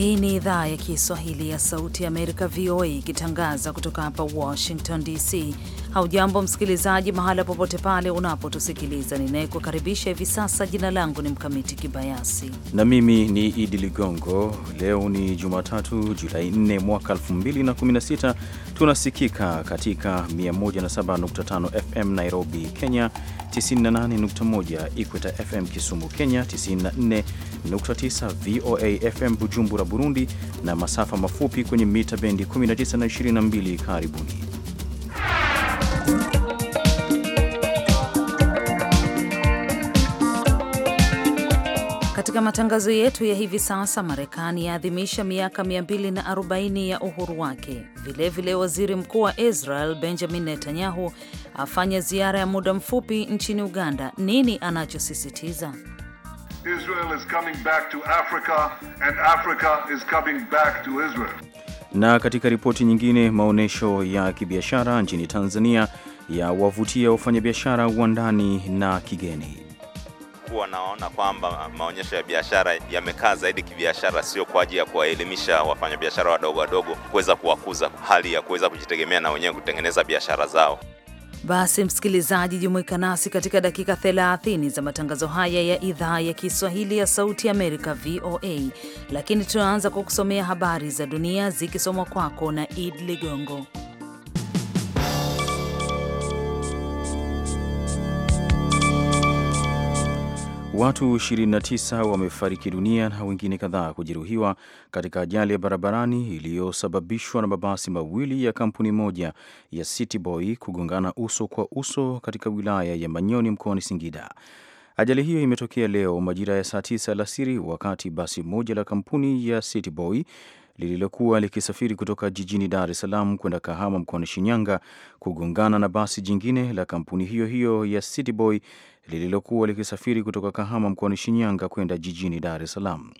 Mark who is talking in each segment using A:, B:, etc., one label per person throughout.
A: Hii ni idhaa ya Kiswahili ya Sauti ya Amerika, VOA, ikitangaza kutoka hapa Washington DC. Haujambo msikilizaji, mahala popote pale unapotusikiliza. Ninayekukaribisha hivi sasa, jina langu ni Mkamiti Kibayasi
B: na mimi ni Idi Ligongo. Leo ni Jumatatu, Julai 4 mwaka 2016. Tunasikika katika 107.5 FM Nairobi, Kenya, 98.1 Ikweta FM Kisumu, Kenya, 94 107.9 VOA FM Bujumbura, Burundi na masafa mafupi kwenye mita bendi 19 na 22. Karibuni.
A: Katika matangazo yetu ya hivi sasa, Marekani yaadhimisha miaka 240 ya uhuru wake. Vilevile vile waziri mkuu wa Israel Benjamin Netanyahu afanya ziara ya muda mfupi nchini Uganda. Nini anachosisitiza?
B: Na katika ripoti nyingine, maonyesho ya kibiashara nchini Tanzania ya wavutia wafanyabiashara wa ndani na kigeni.
C: naona kwamba maonyesho ya biashara yamekaa zaidi kibiashara, sio kwa ajili ya kuwaelimisha wafanyabiashara wadogo wadogo kuweza kuwakuza hali ya kuweza kujitegemea na wenyewe kutengeneza biashara zao.
A: Basi msikilizaji, jumuika nasi katika dakika 30 za matangazo haya ya idhaa ya Kiswahili ya Sauti Amerika, VOA, lakini tunaanza kwa kusomea habari za dunia zikisomwa kwako na Id Ligongo.
B: Watu 29 wamefariki dunia na wengine kadhaa kujeruhiwa katika ajali ya barabarani iliyosababishwa na mabasi mawili ya kampuni moja ya City Boy kugongana uso kwa uso katika wilaya ya Manyoni mkoani Singida. Ajali hiyo imetokea leo majira ya saa 9 alasiri wakati basi moja la kampuni ya City Boy lililokuwa likisafiri kutoka jijini Dar es Salaam kwenda Kahama mkoani Shinyanga kugongana na basi jingine la kampuni hiyo hiyo ya Cityboy lililokuwa likisafiri kutoka Kahama mkoani Shinyanga kwenda jijini Dar es Salaam.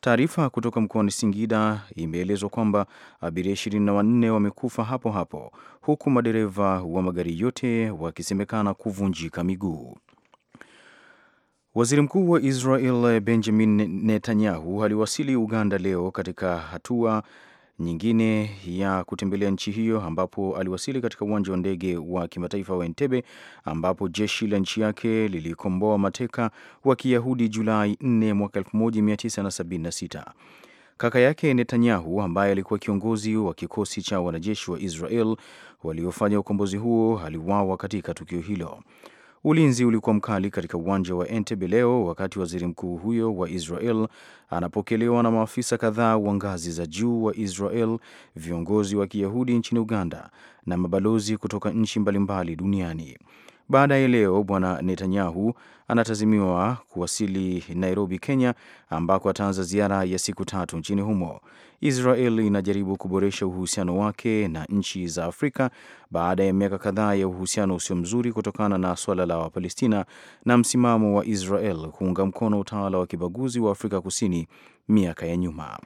B: Taarifa kutoka mkoani Singida imeelezwa kwamba abiria 24 wamekufa hapo hapo, huku madereva wa magari yote wakisemekana kuvunjika miguu. Waziri Mkuu wa Israel Benjamin Netanyahu aliwasili Uganda leo katika hatua nyingine ya kutembelea nchi hiyo ambapo aliwasili katika uwanja wa ndege wa kimataifa wa Entebbe ambapo jeshi la nchi yake lilikomboa mateka wa Kiyahudi Julai 4 mwaka 1976. Kaka yake Netanyahu ambaye alikuwa kiongozi wa kikosi cha wanajeshi wa Israel waliofanya ukombozi huo aliuawa katika tukio hilo. Ulinzi ulikuwa mkali katika uwanja wa Entebbe leo wakati waziri mkuu huyo wa Israel anapokelewa na maafisa kadhaa wa ngazi za juu wa Israel, viongozi wa Kiyahudi nchini Uganda na mabalozi kutoka nchi mbalimbali duniani ya leo Bwana Netanyahu anatazimiwa kuwasili Nairobi, Kenya, ambako ataanza ziara ya siku tatu nchini humo. Israel inajaribu kuboresha uhusiano wake na nchi za Afrika baada ya miaka kadhaa ya uhusiano usio mzuri kutokana na suala la Wapalestina na msimamo wa Israel kuunga mkono utawala wa kibaguzi wa Afrika Kusini miaka ya nyuma.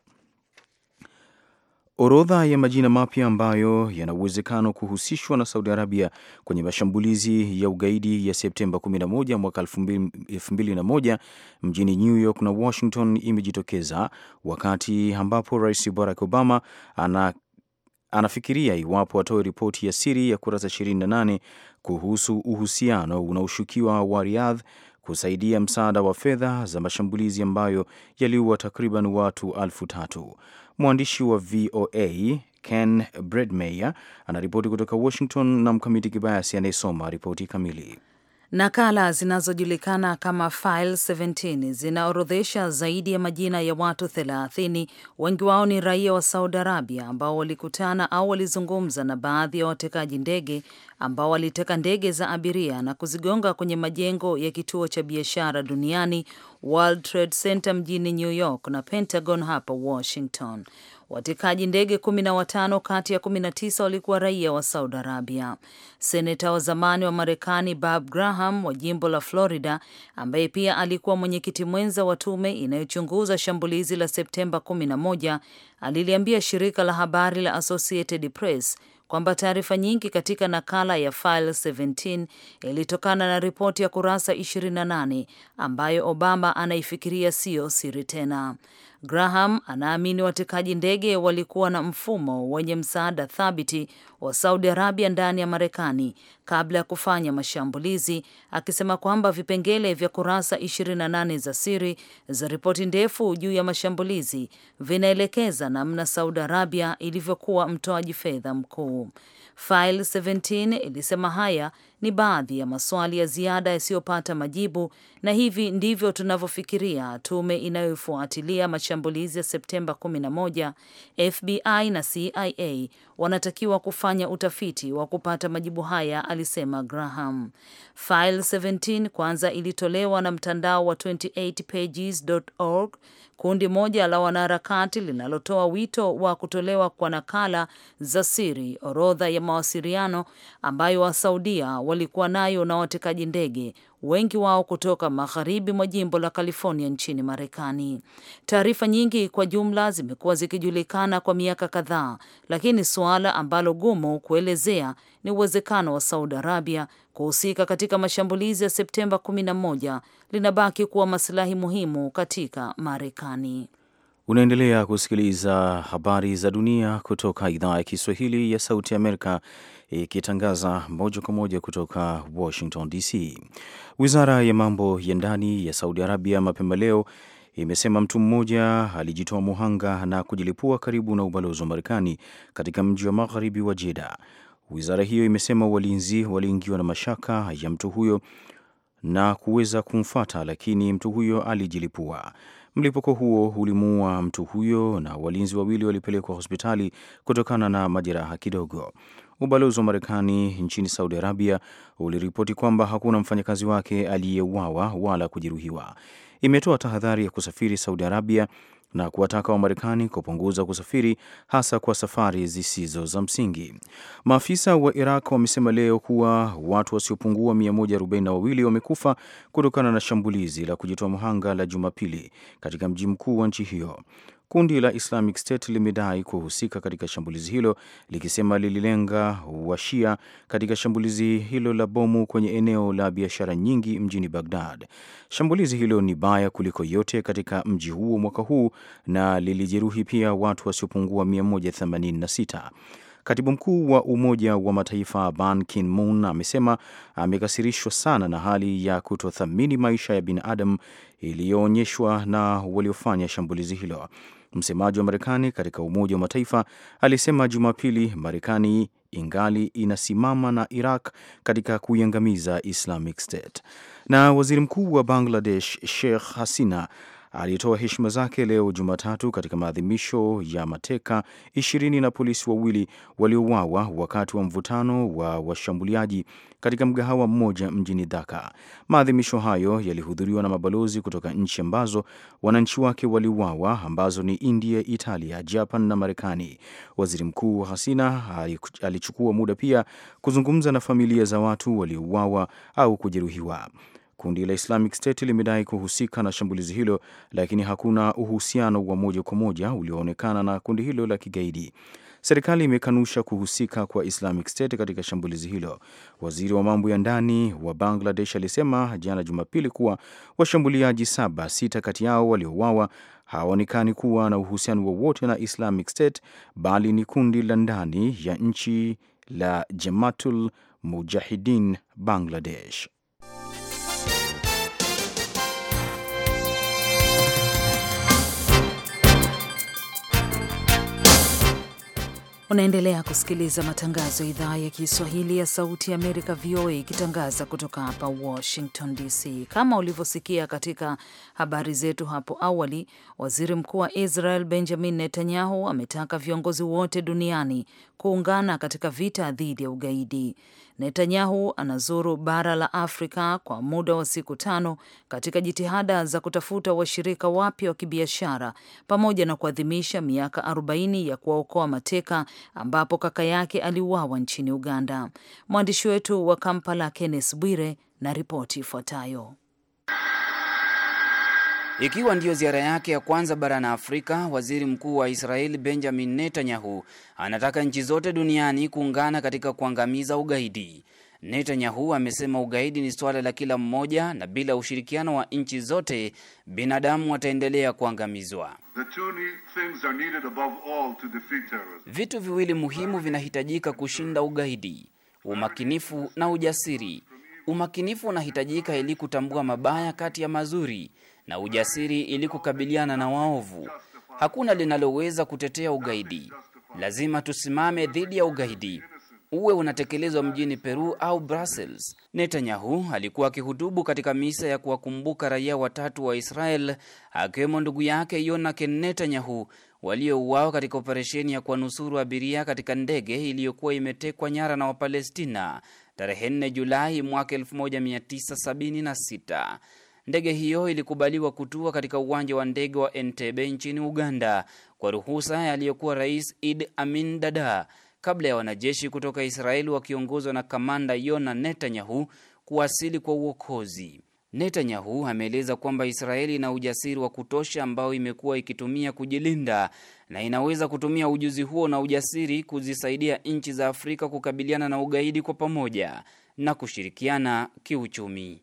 B: Orodha ya majina mapya ambayo yana uwezekano kuhusishwa na Saudi Arabia kwenye mashambulizi ya ugaidi ya Septemba 11 mwaka 2001 mjini New York na Washington imejitokeza wakati ambapo Rais Barack Obama ana anafikiria iwapo atoe ripoti ya siri ya kurasa 28 kuhusu uhusiano unaoshukiwa wa Riyadh kusaidia msaada wa fedha za mashambulizi ambayo yaliua takriban watu elfu tatu. Mwandishi wa VOA Ken Bredmeyer anaripoti kutoka Washington na Mkamiti Kibayasi anayesoma ripoti kamili.
A: Nakala zinazojulikana kama File 17 zinaorodhesha zaidi ya majina ya watu 30, wengi wao ni raia wa Saudi Arabia ambao walikutana au walizungumza na baadhi ya watekaji ndege ambao waliteka ndege za abiria na kuzigonga kwenye majengo ya kituo cha biashara duniani World Trade Center mjini New York na Pentagon hapa Washington. Watekaji ndege kumi na watano kati ya kumi na tisa walikuwa raia wa Saudi Arabia. Seneta wa zamani wa Marekani Bob Graham wa jimbo la Florida, ambaye pia alikuwa mwenyekiti mwenza wa tume inayochunguza shambulizi la Septemba 11, aliliambia shirika la habari la Associated Press kwamba taarifa nyingi katika nakala ya File 17 ilitokana na ripoti ya kurasa 28 ambayo Obama anaifikiria siyo siri tena. Graham anaamini watekaji ndege walikuwa na mfumo wenye msaada thabiti wa Saudi Arabia ndani ya Marekani kabla ya kufanya mashambulizi, akisema kwamba vipengele vya kurasa 28 za siri za ripoti ndefu juu ya mashambulizi vinaelekeza namna Saudi Arabia ilivyokuwa mtoaji fedha mkuu. File 17 ilisema haya ni baadhi ya maswali ya ziada yasiyopata majibu, na hivi ndivyo tunavyofikiria tume inayofuatilia mashambulizi ya Septemba 11, FBI na CIA wanatakiwa kufanya utafiti wa kupata majibu haya, alisema Graham. File 17 kwanza ilitolewa na mtandao wa 28pages.org kundi moja la wanaharakati linalotoa wito wa kutolewa kwa nakala za siri, orodha ya mawasiliano ambayo Wasaudia walikuwa nayo na watekaji ndege, wengi wao kutoka magharibi mwa jimbo la California nchini Marekani. Taarifa nyingi kwa jumla zimekuwa zikijulikana kwa miaka kadhaa, lakini suala ambalo gumu kuelezea ni uwezekano wa Saudi Arabia kuhusika katika mashambulizi ya Septemba 11 linabaki kuwa masilahi muhimu katika Marekani.
B: Unaendelea kusikiliza habari za dunia kutoka idhaa ya Kiswahili ya Sauti Amerika ikitangaza moja kwa moja kutoka Washington DC. Wizara ya mambo ya ndani ya Saudi Arabia mapema leo imesema mtu mmoja alijitoa muhanga na kujilipua karibu na ubalozi wa Marekani katika mji wa magharibi wa Jeda Wizara hiyo imesema walinzi waliingiwa na mashaka ya mtu huyo na kuweza kumfata, lakini mtu huyo alijilipua. Mlipuko huo ulimuua mtu huyo na walinzi wawili walipelekwa hospitali kutokana na majeraha kidogo. Ubalozi wa Marekani nchini Saudi Arabia uliripoti kwamba hakuna mfanyakazi wake aliyeuawa wala kujeruhiwa. Imetoa tahadhari ya kusafiri Saudi Arabia na kuwataka Wamarekani kupunguza kusafiri hasa kwa safari zisizo za msingi. Maafisa wa Iraq wamesema leo kuwa watu wasiopungua 142 wamekufa kutokana na shambulizi la kujitoa mhanga la Jumapili katika mji mkuu wa nchi hiyo. Kundi la Islamic State limedai kuhusika katika shambulizi hilo likisema lililenga washia katika shambulizi hilo la bomu kwenye eneo la biashara nyingi mjini Bagdad. Shambulizi hilo ni baya kuliko yote katika mji huo mwaka huu na lilijeruhi pia watu wasiopungua 186. Katibu mkuu wa Umoja wa Mataifa Ban Ki-moon amesema amekasirishwa sana na hali ya kutothamini maisha ya binadamu iliyoonyeshwa na waliofanya shambulizi hilo. Msemaji wa Marekani katika Umoja wa Mataifa alisema Jumapili Marekani ingali inasimama na Iraq katika kuiangamiza Islamic State. Na waziri mkuu wa Bangladesh Sheikh Hasina alitoa heshima zake leo Jumatatu katika maadhimisho ya mateka ishirini na polisi wawili waliouawa wakati wa mvutano wa washambuliaji katika mgahawa mmoja mjini Dhaka. Maadhimisho hayo yalihudhuriwa na mabalozi kutoka nchi ambazo wananchi wake waliuawa ambazo ni India, Italia, Japan na Marekani. Waziri Mkuu Hasina alichukua muda pia kuzungumza na familia za watu waliouawa au kujeruhiwa. Kundi la Islamic State limedai kuhusika na shambulizi hilo, lakini hakuna uhusiano wa moja kwa moja ulioonekana na kundi hilo la kigaidi. Serikali imekanusha kuhusika kwa Islamic State katika shambulizi hilo. Waziri wa mambo ya ndani wa Bangladesh alisema jana Jumapili kuwa washambuliaji saba, sita kati yao waliouawa hawaonekani kuwa na uhusiano wowote na Islamic State bali ni kundi la ndani ya nchi la Jamatul Mujahidin Bangladesh.
A: Unaendelea kusikiliza matangazo ya idhaa ya Kiswahili ya Sauti ya Amerika, VOA, ikitangaza kutoka hapa Washington DC. Kama ulivyosikia katika habari zetu hapo awali, waziri mkuu wa Israel Benjamin Netanyahu ametaka viongozi wote duniani kuungana katika vita dhidi ya ugaidi. Netanyahu anazuru bara la Afrika kwa muda wa siku tano katika jitihada za kutafuta washirika wapya wa kibiashara pamoja na kuadhimisha miaka 40 ya kuwaokoa mateka ambapo kaka yake aliuawa nchini Uganda. Mwandishi wetu wa Kampala Kenneth Bwire na ripoti ifuatayo.
C: Ikiwa ndiyo ziara yake ya kwanza barani Afrika, waziri mkuu wa Israeli Benjamin Netanyahu anataka nchi zote duniani kuungana katika kuangamiza ugaidi. Netanyahu amesema ugaidi ni suala la kila mmoja na bila ushirikiano wa nchi zote binadamu wataendelea kuangamizwa. Vitu viwili muhimu vinahitajika kushinda ugaidi: umakinifu na ujasiri. Umakinifu unahitajika ili kutambua mabaya kati ya mazuri na ujasiri ili kukabiliana na waovu. Hakuna linaloweza kutetea ugaidi. Lazima tusimame dhidi ya ugaidi uwe unatekelezwa mjini Peru au Brussels. Netanyahu alikuwa akihutubu katika misa ya kuwakumbuka raia watatu wa Israel akiwemo ndugu yake Yonaken Netanyahu waliouawa katika operesheni ya kuwanusuru abiria katika ndege iliyokuwa imetekwa nyara na Wapalestina tarehe 4 Julai mwaka 1976. Ndege hiyo ilikubaliwa kutua katika uwanja wa ndege wa Entebbe nchini Uganda kwa ruhusa aliyokuwa Rais Idi Amin Dada kabla ya wanajeshi kutoka Israeli wakiongozwa na kamanda Yona Netanyahu kuwasili kwa uokozi. Netanyahu ameeleza kwamba Israeli ina ujasiri wa kutosha ambao imekuwa ikitumia kujilinda na inaweza kutumia ujuzi huo na ujasiri kuzisaidia nchi za Afrika kukabiliana na ugaidi kwa pamoja na kushirikiana kiuchumi.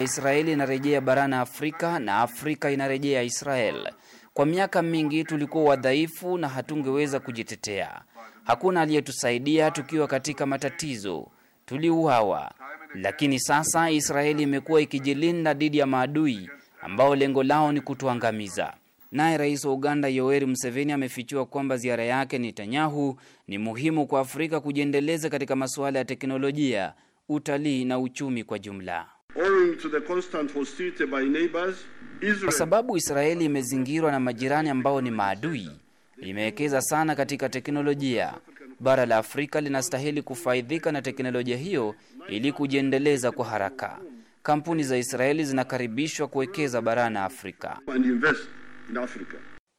C: Israeli inarejea barani Afrika na Afrika inarejea Israel. Kwa miaka mingi tulikuwa wadhaifu na hatungeweza kujitetea. Hakuna aliyetusaidia tukiwa katika matatizo, tuliuawa. Lakini sasa Israeli imekuwa ikijilinda dhidi ya maadui ambao lengo lao ni kutuangamiza. Naye rais wa Uganda Yoweri Museveni amefichua kwamba ziara yake Netanyahu ni muhimu kwa Afrika kujiendeleza katika masuala ya teknolojia, utalii na uchumi kwa jumla kwa sababu Israeli imezingirwa na majirani ambao ni maadui. Imewekeza sana katika teknolojia. Bara la Afrika linastahili kufaidhika na teknolojia hiyo ili kujiendeleza kwa haraka. Kampuni za Israeli zinakaribishwa kuwekeza barani Afrika.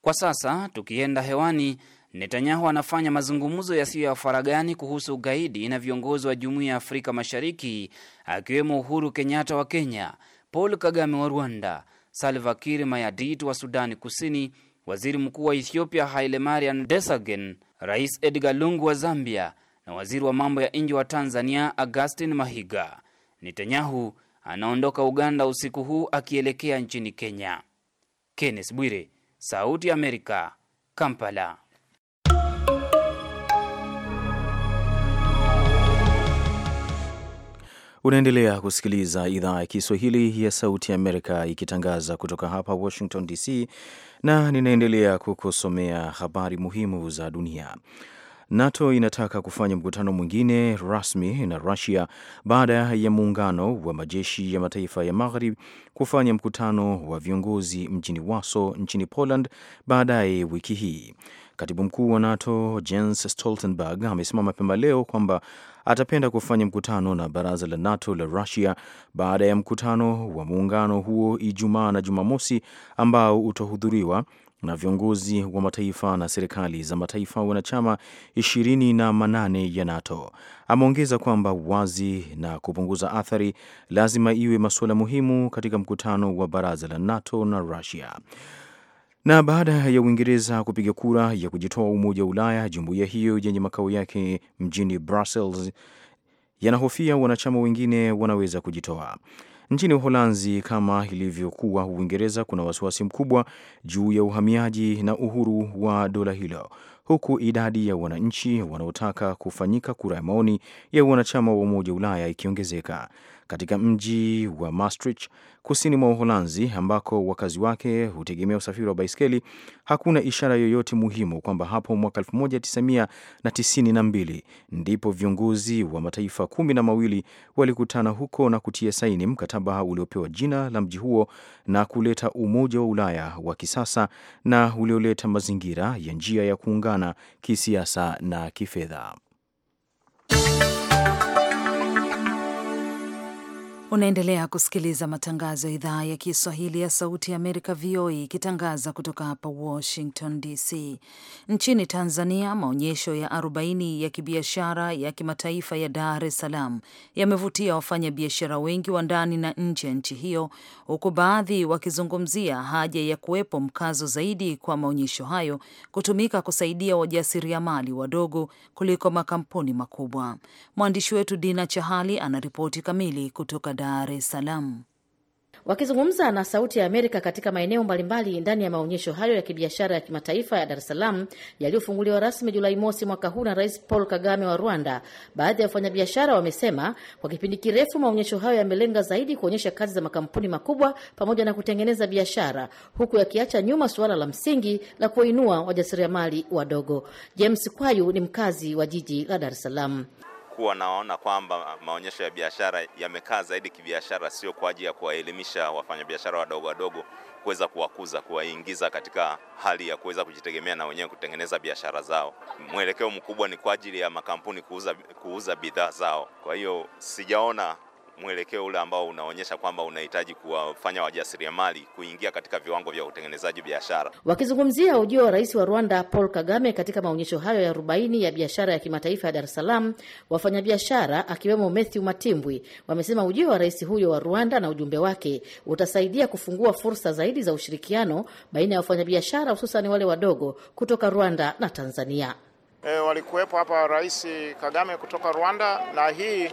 C: Kwa sasa tukienda hewani, Netanyahu anafanya mazungumzo yasiyo ya faragani kuhusu ugaidi na viongozi wa Jumuiya ya Afrika Mashariki, akiwemo Uhuru Kenyatta wa Kenya, Paul Kagame wa Rwanda Salva Kiir Mayardit wa Sudani Kusini, waziri mkuu wa Ethiopia Haile Mariam Desalegn, rais Edgar Lungu wa Zambia na waziri wa mambo ya nje wa Tanzania Augustin Mahiga. Netanyahu anaondoka Uganda usiku huu akielekea nchini Kenya. Kenneth Bwire, Sauti ya Amerika, Kampala.
B: Unaendelea kusikiliza idhaa ya Kiswahili ya Sauti ya Amerika ikitangaza kutoka hapa Washington DC, na ninaendelea kukusomea habari muhimu za dunia. NATO inataka kufanya mkutano mwingine rasmi na russia baada ya muungano wa majeshi ya mataifa ya magharibi kufanya mkutano wa viongozi mjini Warsaw nchini Poland baadaye wiki hii. Katibu mkuu wa NATO Jens Stoltenberg amesema mapema leo kwamba atapenda kufanya mkutano na baraza la NATO la Russia baada ya mkutano wa muungano huo Ijumaa na Jumamosi ambao utahudhuriwa na viongozi wa mataifa na serikali za mataifa wanachama ishirini na manane ya NATO. Ameongeza kwamba wazi na kupunguza athari lazima iwe masuala muhimu katika mkutano wa baraza la NATO na Russia. Na baada ya Uingereza kupiga kura ya kujitoa Umoja wa Ulaya, jumuiya hiyo yenye makao yake mjini Brussels yanahofia wanachama wengine wanaweza kujitoa. Nchini Uholanzi kama ilivyokuwa Uingereza, kuna wasiwasi mkubwa juu ya uhamiaji na uhuru wa dola hilo, huku idadi ya wananchi wanaotaka kufanyika kura ya maoni ya wanachama wa Umoja wa Ulaya ikiongezeka. Katika mji wa Maastricht kusini mwa Uholanzi, ambako wakazi wake hutegemea usafiri wa baiskeli, hakuna ishara yoyote muhimu kwamba hapo mwaka 1992 ndipo viongozi wa mataifa kumi na mawili walikutana huko na kutia saini mkataba uliopewa jina la mji huo na kuleta Umoja wa Ulaya wa kisasa na ulioleta mazingira ya njia ya kuungana kisiasa na kifedha.
A: Unaendelea kusikiliza matangazo ya idhaa ya Kiswahili ya Sauti ya Amerika, VOA, ikitangaza kutoka hapa Washington DC. Nchini Tanzania, maonyesho ya 40 ya kibiashara ya kimataifa ya Dar es Salaam yamevutia wafanyabiashara wengi wa ndani na nje ya nchi hiyo, huku baadhi wakizungumzia haja ya kuwepo mkazo zaidi kwa maonyesho hayo kutumika kusaidia wajasiriamali wadogo kuliko makampuni makubwa. Mwandishi wetu Dina Chahali anaripoti kamili kutoka Dar es Salaam.
D: Wakizungumza na Sauti ya Amerika katika maeneo mbalimbali ndani ya maonyesho hayo ya kibiashara ya kimataifa ya Dar es Salaam yaliyofunguliwa rasmi Julai mosi mwaka huu na Rais Paul Kagame wa Rwanda, baadhi ya wafanyabiashara wamesema kwa kipindi kirefu maonyesho hayo yamelenga zaidi kuonyesha kazi za makampuni makubwa pamoja na kutengeneza biashara, huku yakiacha nyuma suala la msingi la kuwainua wajasiriamali wadogo. James Kwayu ni mkazi wa jiji la Dar es Salaam
C: kuwa naona kwamba maonyesho ya biashara yamekaa zaidi kibiashara, sio kwa ajili ya kuwaelimisha wafanyabiashara wadogo wadogo, kuweza kuwakuza, kuwaingiza katika hali ya kuweza kujitegemea na wenyewe kutengeneza biashara zao. Mwelekeo mkubwa ni kwa ajili ya makampuni kuuza, kuuza bidhaa zao. Kwa hiyo sijaona mwelekeo ule ambao unaonyesha kwamba unahitaji kuwafanya wajasiriamali kuingia katika viwango vya utengenezaji biashara.
D: Wakizungumzia ujio wa rais wa Rwanda Paul Kagame katika maonyesho hayo ya 40 ya biashara ya kimataifa ya Dar es Salaam, wafanyabiashara akiwemo Matthew Matimbwi wamesema ujio wa rais huyo wa Rwanda na ujumbe wake utasaidia kufungua fursa zaidi za ushirikiano baina ya wafanyabiashara hususani wale wadogo kutoka Rwanda na Tanzania.
E: E, walikuwepo hapa Rais Kagame kutoka Rwanda na hii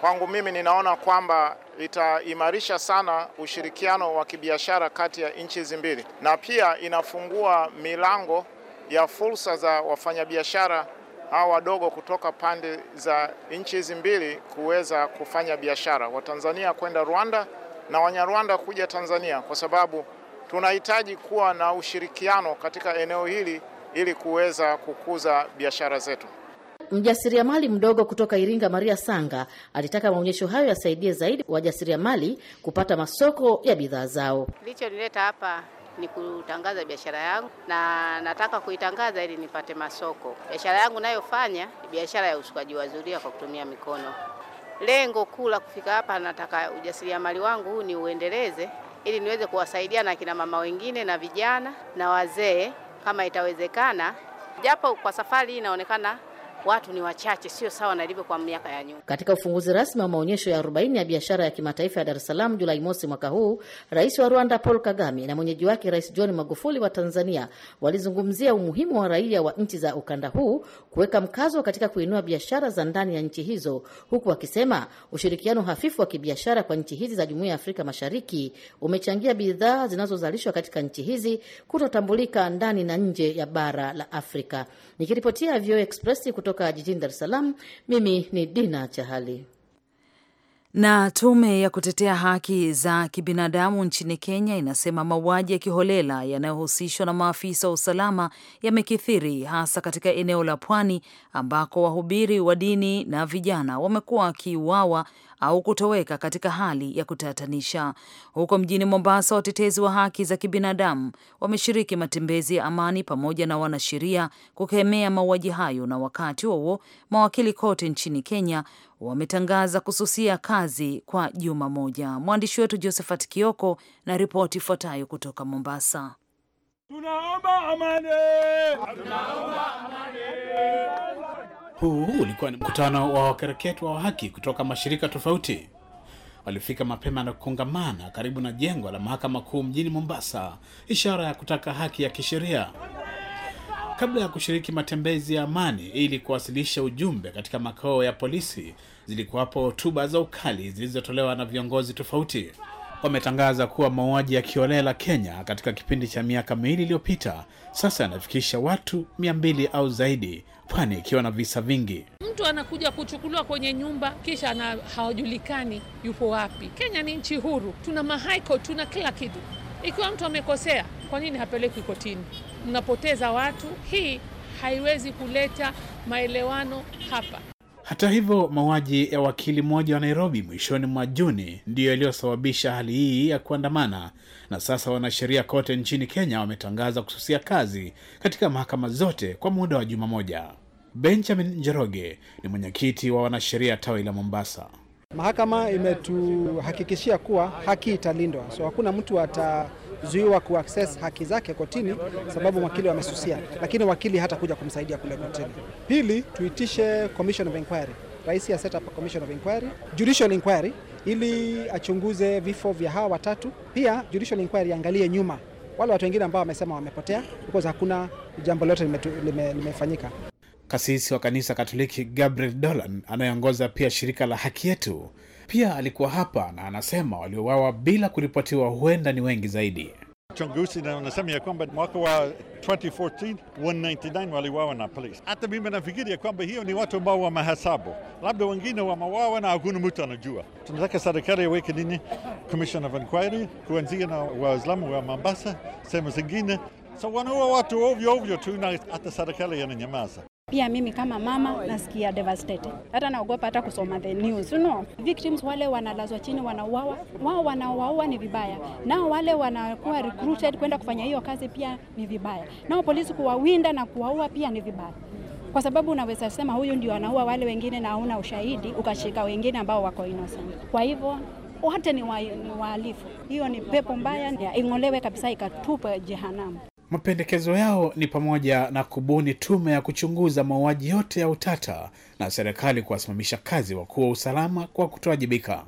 E: kwangu mimi ninaona kwamba itaimarisha sana ushirikiano wa kibiashara kati ya nchi hizi mbili, na pia inafungua milango ya fursa za wafanyabiashara hawa wadogo kutoka pande za nchi hizi mbili kuweza kufanya biashara, Watanzania kwenda Rwanda na Wanyarwanda kuja Tanzania, kwa sababu tunahitaji kuwa na ushirikiano katika eneo hili ili kuweza kukuza biashara zetu.
D: Mjasiriamali mdogo kutoka Iringa, Maria Sanga, alitaka maonyesho hayo yasaidie zaidi wajasiriamali kupata masoko ya bidhaa zao. Kilichonileta hapa ni kutangaza biashara yangu na nataka kuitangaza ili nipate masoko. Biashara yangu nayofanya ni biashara ya usukaji wa zulia kwa kutumia mikono. Lengo kuu la kufika hapa, nataka ujasiriamali wangu huu niuendeleze ili niweze kuwasaidia na kina mama wengine na vijana na wazee kama itawezekana, japo kwa safari hii inaonekana watu ni wachache, sio sawa na ilivyo kwa miaka ya nyuma. Katika ufunguzi rasmi wa maonyesho ya 40 ya biashara ya kimataifa ya Dar es Salaam Julai mosi mwaka huu, rais wa Rwanda Paul Kagame na mwenyeji wake Rais John Magufuli wa Tanzania walizungumzia umuhimu wa raia wa nchi za ukanda huu kuweka mkazo katika kuinua biashara za ndani ya nchi hizo, huku wakisema ushirikiano hafifu wa kibiashara kwa nchi hizi za Jumuiya ya Afrika Mashariki umechangia bidhaa zinazozalishwa katika nchi hizi kutotambulika ndani na nje ya bara la Afrika. Nikiripotia VOA Express kutoka jijini Dar es Salaam, mimi ni Dina
A: Chahali. Na tume ya kutetea haki za kibinadamu nchini Kenya inasema mauaji ya kiholela yanayohusishwa na maafisa wa usalama yamekithiri hasa katika eneo la pwani ambako wahubiri wa dini na vijana wamekuwa wakiuawa au kutoweka katika hali ya kutatanisha. Huko mjini Mombasa, watetezi wa haki za kibinadamu wameshiriki matembezi ya amani pamoja na wanasheria kukemea mauaji hayo, na wakati huo mawakili kote nchini Kenya wametangaza kususia kazi kwa juma moja. Mwandishi wetu Josephat Kioko na ripoti ifuatayo kutoka Mombasa. Tunaomba amani. Tunaomba amani. Huu ulikuwa ni mkutano wa wakereketwa
E: wa haki kutoka mashirika tofauti. Walifika mapema na kukongamana karibu na jengo la mahakama kuu mjini Mombasa, ishara ya kutaka haki ya kisheria. Kabla ya kushiriki matembezi ya amani ili kuwasilisha ujumbe katika makao ya polisi, zilikuwapo hotuba za ukali zilizotolewa na viongozi tofauti wametangaza kuwa mauaji ya kiolela Kenya katika kipindi cha miaka miwili iliyopita sasa yanafikisha watu mia mbili au zaidi, pwani ikiwa na visa vingi.
A: Mtu anakuja kuchukuliwa kwenye nyumba kisha na hawajulikani yupo wapi. Kenya ni nchi huru, tuna mahaiko, tuna kila kitu. Ikiwa mtu amekosea, kwa nini hapelekwi kotini? Mnapoteza watu, hii haiwezi kuleta maelewano hapa.
E: Hata hivyo, mauaji ya wakili mmoja wa Nairobi mwishoni mwa Juni ndiyo yaliyosababisha hali hii ya kuandamana, na sasa wanasheria kote nchini Kenya wametangaza kususia kazi katika mahakama zote kwa muda wa juma moja. Benjamin Njoroge ni mwenyekiti wa wanasheria tawi la Mombasa.
F: Mahakama imetuhakikishia kuwa haki italindwa, so hakuna mtu ata kuzuiwa kuaccess haki zake kotini, sababu wakili wamesusia, lakini wakili hata kuja kumsaidia kule kotini. Pili, tuitishe commission of inquiry. Rais ya set up commission of inquiry, judicial inquiry ili achunguze vifo vya hawa watatu. Pia judicial inquiry angalie nyuma wale watu wengine ambao wamesema wamepotea, because hakuna jambo lolote limefanyika.
E: Kasisi wa kanisa Katoliki Gabriel Dolan anayeongoza pia shirika la Haki Yetu pia alikuwa hapa na anasema waliowawa bila kuripotiwa huenda ni wengi zaidi. na anasema ya kwamba mwaka wa 2014
D: 199 waliwawa na polisi. Hata mimi nafikiria kwamba hiyo ni watu ambao wamehesabu, labda wengine wamewawa na hakuna mtu anajua. Tunataka serikali iweke nini, commission of inquiry, kuanzia na Waislamu wa Mombasa, sehemu zingine. So wanaua watu ovyo ovyo tu, na hata serikali yananyamaza.
A: Pia mimi kama mama nasikia devastated. Hata naogopa hata kusoma the news. You know, victims wale wanalazwa chini wanauawa, wao wanaouawa ni vibaya. Nao wale wanakuwa recruited kwenda kufanya hiyo kazi pia ni vibaya. Nao polisi kuwawinda na kuwaua pia ni vibaya. Kwa sababu unaweza sema huyu ndio anaua wale wengine na hauna ushahidi ukashika wengine ambao wako innocent. Kwa hivyo wote ni wahalifu. Hiyo ni pepo mbaya, ing'olewe kabisa ikatupa jehanamu.
E: Mapendekezo yao ni pamoja na kubuni tume ya kuchunguza mauaji yote ya utata na serikali kuwasimamisha kazi wakuu wa usalama kwa kutowajibika.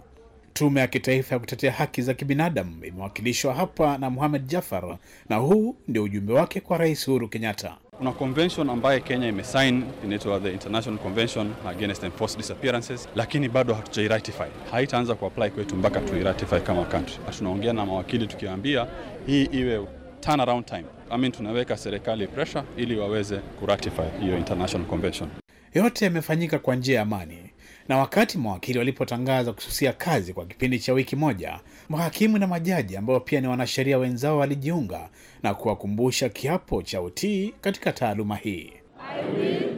E: Tume ya kitaifa ya kutetea haki za kibinadamu imewakilishwa hapa na muhamed Jafar, na huu ndio ujumbe wake kwa Rais Uhuru Kenyatta. Kuna
C: convention ambaye Kenya imesign inaitwa the International Convention Against Enforced Disappearances, lakini bado hatujairatify. Haitaanza kuapply kwetu mpaka tuiratify kama country. Tunaongea na mawakili tukiwaambia hii iwe turnaround time. I mean, tunaweka serikali pressure ili waweze kuratify hiyo international convention.
E: Yote yamefanyika kwa njia ya amani, na wakati mawakili walipotangaza kususia kazi kwa kipindi cha wiki moja, mahakimu na majaji ambao pia ni wanasheria wenzao walijiunga na kuwakumbusha kiapo cha utii katika taaluma hii. I will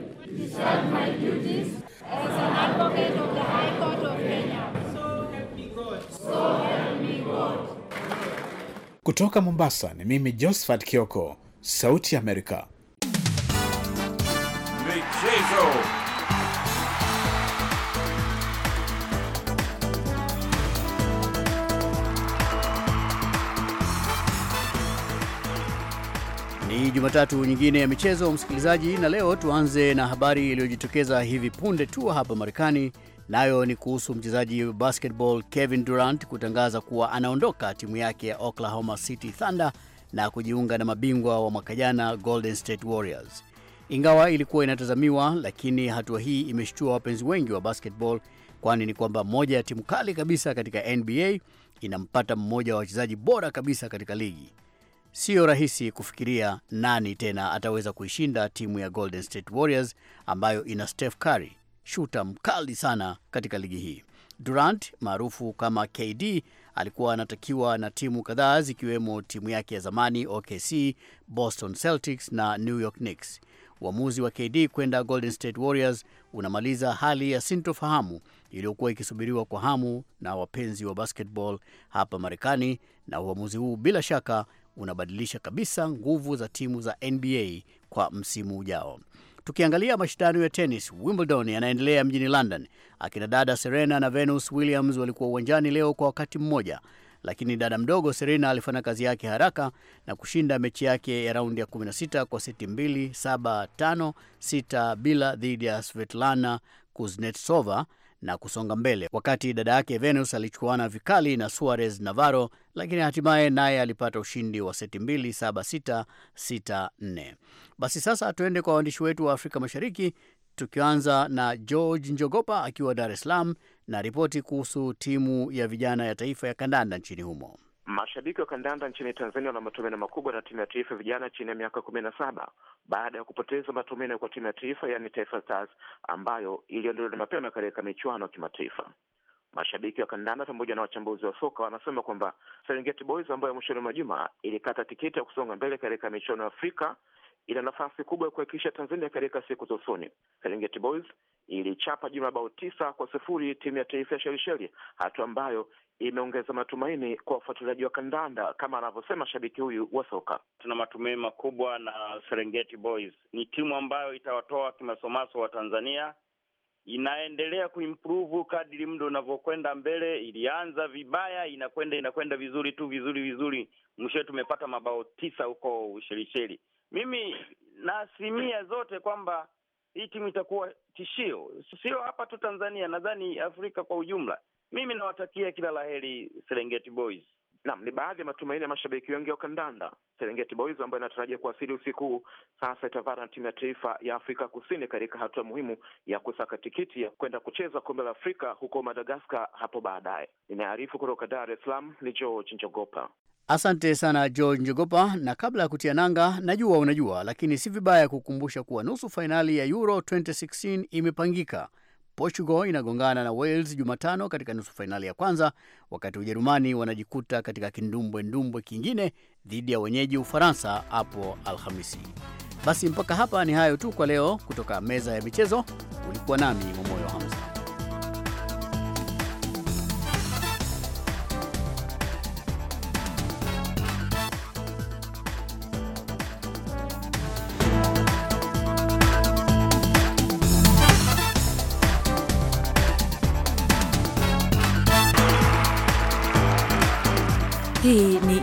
E: Kutoka Mombasa ni mimi Josephat Kioko, Sauti ya Amerika.
C: Michezo.
G: Ni Jumatatu nyingine ya michezo, msikilizaji, na leo tuanze na habari iliyojitokeza hivi punde tu hapa Marekani Nayo ni kuhusu mchezaji wa basketball Kevin Durant kutangaza kuwa anaondoka timu yake ya Oklahoma City Thunder na kujiunga na mabingwa wa mwaka jana Golden State Warriors. Ingawa ilikuwa inatazamiwa, lakini hatua hii imeshtua wapenzi wengi wa basketball, kwani ni kwamba moja ya timu kali kabisa katika NBA inampata mmoja wa wachezaji bora kabisa katika ligi. Siyo rahisi kufikiria nani tena ataweza kuishinda timu ya Golden State Warriors ambayo ina Steph Curry, shuta mkali sana katika ligi hii. Durant maarufu kama KD alikuwa anatakiwa na timu kadhaa zikiwemo timu yake ya zamani OKC, Boston Celtics na New York Knicks. Uamuzi wa KD kwenda Golden State Warriors unamaliza hali ya sintofahamu iliyokuwa ikisubiriwa kwa hamu na wapenzi wa basketball hapa Marekani, na uamuzi huu bila shaka unabadilisha kabisa nguvu za timu za NBA kwa msimu ujao. Tukiangalia mashindano ya tenis, Wimbledon yanaendelea mjini London. Akina dada Serena na Venus Williams walikuwa uwanjani leo kwa wakati mmoja, lakini dada mdogo Serena alifanya kazi yake haraka na kushinda mechi yake ya raundi ya 16 kwa seti 2 bila dhidi ya Svetlana Kuznetsova na kusonga mbele, wakati dada yake Venus alichuana vikali na Suarez Navarro lakini hatimaye naye alipata ushindi wa seti mbili saba sita sita nne. Basi sasa tuende kwa waandishi wetu wa Afrika Mashariki, tukianza na George Njogopa akiwa Dar es Salaam na ripoti kuhusu timu ya vijana ya taifa ya kandanda nchini humo.
F: Mashabiki wa kandanda nchini Tanzania wana matumaini makubwa na timu ya taifa vijana chini ya miaka kumi na saba baada ya kupoteza matumaini kwa timu ya taifa yaani Taifa Stars ambayo iliondolewa mapema katika michuano ya kimataifa. Mashabiki wa kandanda pamoja na wachambuzi wa soka wanasema kwamba Serengeti Boys ambayo mwishoni mwa juma ilikata tiketi ya kusonga mbele katika michuano ya Afrika ina nafasi kubwa ya kuhakikisha Tanzania katika siku za usoni. Serengeti Boys ilichapa juma bao tisa kwa sifuri timu ya taifa ya Shelisheli, hatua ambayo imeongeza matumaini kwa wafuatiliaji wa kandanda
B: kama anavyosema shabiki huyu wa soka. Tuna matumaini makubwa na Serengeti Boys,
C: ni timu ambayo itawatoa kimasomaso wa Tanzania inaendelea kuimprove kadri mdo unavyokwenda mbele. Ilianza vibaya, inakwenda inakwenda vizuri tu vizuri
B: vizuri, mwishowe tumepata mabao tisa huko Ushelisheli. Mimi na asilimia zote kwamba hii timu itakuwa tishio, sio hapa tu Tanzania, nadhani
F: Afrika kwa ujumla. Mimi nawatakia kila heri Serengeti Boys. Naam, ni baadhi ya matumaini ya mashabiki wengi wa kandanda. Serengeti Boys ambayo inatarajia kuwasili usiku huu sasa itavara na timu ya taifa ya Afrika Kusini katika hatua muhimu ya kusaka tikiti ya kwenda kucheza kombe la Afrika huko Madagaskar hapo baadaye. Inaarifu kutoka Dar es Salaam ni George Njogopa.
G: Asante sana George Njogopa. Na kabla ya kutia nanga, najua unajua, lakini si vibaya kukumbusha kuwa nusu fainali ya Euro 2016 imepangika Portugal inagongana na Wales Jumatano katika nusu fainali ya kwanza, wakati Ujerumani wanajikuta katika kindumbwendumbwe kingine dhidi ya wenyeji Ufaransa hapo Alhamisi. Basi mpaka hapa ni hayo tu kwa leo, kutoka meza ya michezo. Ulikuwa nami Momoyo Hamza.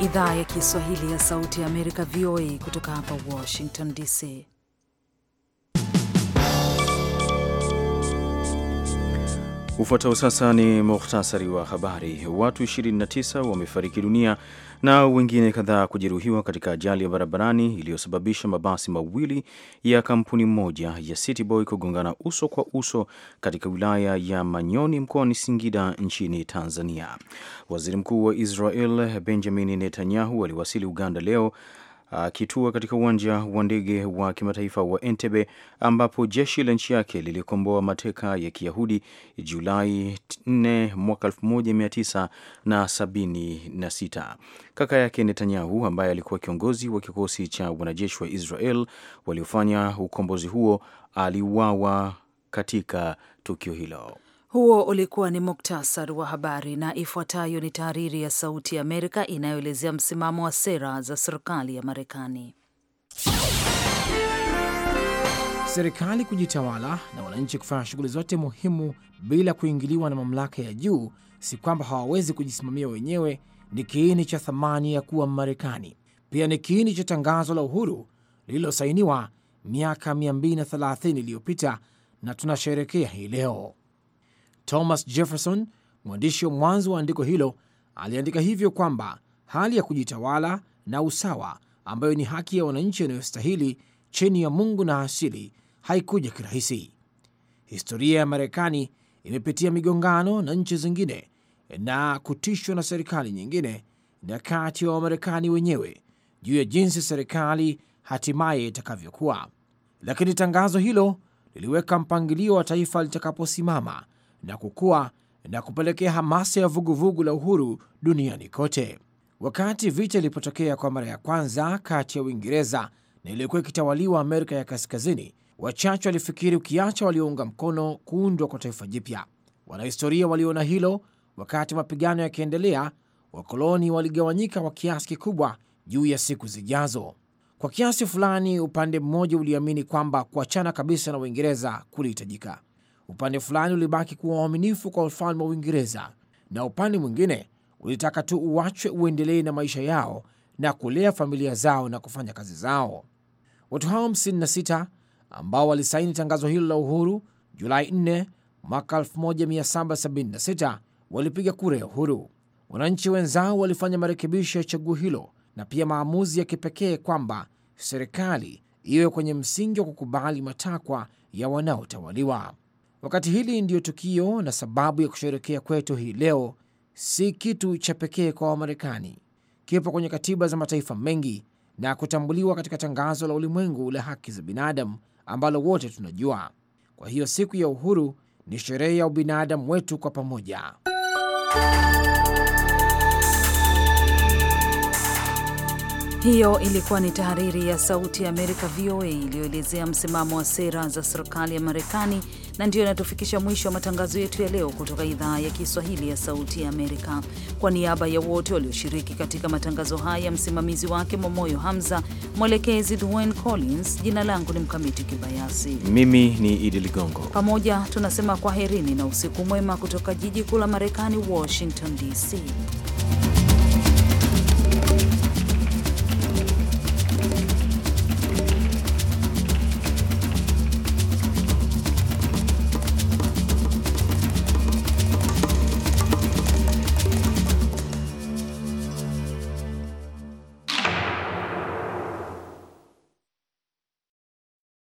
A: idhaa ya Kiswahili ya Sauti ya Amerika, VOA, kutoka hapa Washington DC.
B: Ufuatao sasa ni muhtasari wa habari. Watu 29 wamefariki dunia na wengine kadhaa kujeruhiwa katika ajali ya barabarani iliyosababisha mabasi mawili ya kampuni moja ya Cityboy kugongana uso kwa uso katika wilaya ya Manyoni mkoani Singida nchini Tanzania. Waziri Mkuu wa Israel Benjamin Netanyahu aliwasili Uganda leo akitua katika uwanja wa ndege wa kimataifa wa Entebbe ambapo jeshi la nchi yake lilikomboa mateka ya Kiyahudi Julai 4 mwaka 1976. Kaka yake Netanyahu ambaye alikuwa kiongozi wa kikosi cha wanajeshi wa Israel waliofanya ukombozi huo aliuawa katika tukio hilo.
A: Huo ulikuwa ni muktasari wa habari, na ifuatayo ni tahariri ya Sauti ya Amerika inayoelezea msimamo wa sera za serikali ya Marekani.
F: Serikali kujitawala na wananchi kufanya shughuli zote muhimu bila kuingiliwa na mamlaka ya juu, si kwamba hawawezi kujisimamia wenyewe, ni kiini cha thamani ya kuwa Mmarekani. Pia ni kiini cha tangazo la uhuru lililosainiwa miaka 230 iliyopita na tunasherekea hii leo. Thomas Jefferson, mwandishi wa mwanzo wa andiko hilo, aliandika hivyo kwamba hali ya kujitawala na usawa ambayo ni haki ya wananchi wanayostahili chini ya Mungu na asili haikuja kirahisi. Historia ya Marekani imepitia migongano na nchi zingine na kutishwa na serikali nyingine na kati ya Wamarekani wenyewe juu ya jinsi serikali hatimaye itakavyokuwa, lakini tangazo hilo liliweka mpangilio wa taifa litakaposimama na kukua na kupelekea hamasa ya vuguvugu vugu la uhuru duniani kote. Wakati vita ilipotokea kwa mara ya kwanza kati ya Uingereza na iliyokuwa ikitawaliwa Amerika ya Kaskazini, wachache walifikiri ukiacha waliounga mkono kuundwa kwa taifa jipya. Wanahistoria waliona hilo. Wakati mapigano yakiendelea, wakoloni waligawanyika kwa kiasi kikubwa juu ya siku zijazo. Kwa kiasi fulani, upande mmoja uliamini kwamba kuachana kabisa na Uingereza kulihitajika upande fulani ulibaki kuwa waaminifu kwa ufalme wa Uingereza na upande mwingine ulitaka tu uachwe uendelee na maisha yao na kulea familia zao na kufanya kazi zao. Watu hao 56 ambao walisaini tangazo hilo la uhuru Julai 4 mwaka 1776 walipiga kura ya uhuru. Wananchi wenzao walifanya marekebisho ya chaguo hilo na pia maamuzi ya kipekee kwamba serikali iwe kwenye msingi wa kukubali matakwa ya wanaotawaliwa. Wakati hili ndiyo tukio na sababu ya kusherekea kwetu hii leo, si kitu cha pekee kwa Wamarekani, kipo kwenye katiba za mataifa mengi na kutambuliwa katika tangazo la ulimwengu la haki za binadamu ambalo wote tunajua. Kwa hiyo siku ya uhuru ni sherehe ya ubinadamu wetu
A: kwa pamoja. Hiyo ilikuwa ni tahariri ya Sauti ya Amerika, VOA, iliyoelezea msimamo wa sera za serikali ya Marekani, na ndiyo inatufikisha mwisho wa matangazo yetu ya leo kutoka idhaa ya Kiswahili ya Sauti ya Amerika. Kwa niaba ya wote walioshiriki katika matangazo haya, msimamizi wake Momoyo Hamza, mwelekezi Dwayne Collins, jina langu ni Mkamiti Kibayasi,
B: mimi ni Idi Ligongo.
A: Pamoja tunasema kwaherini na usiku mwema kutoka jiji kuu la Marekani, Washington DC.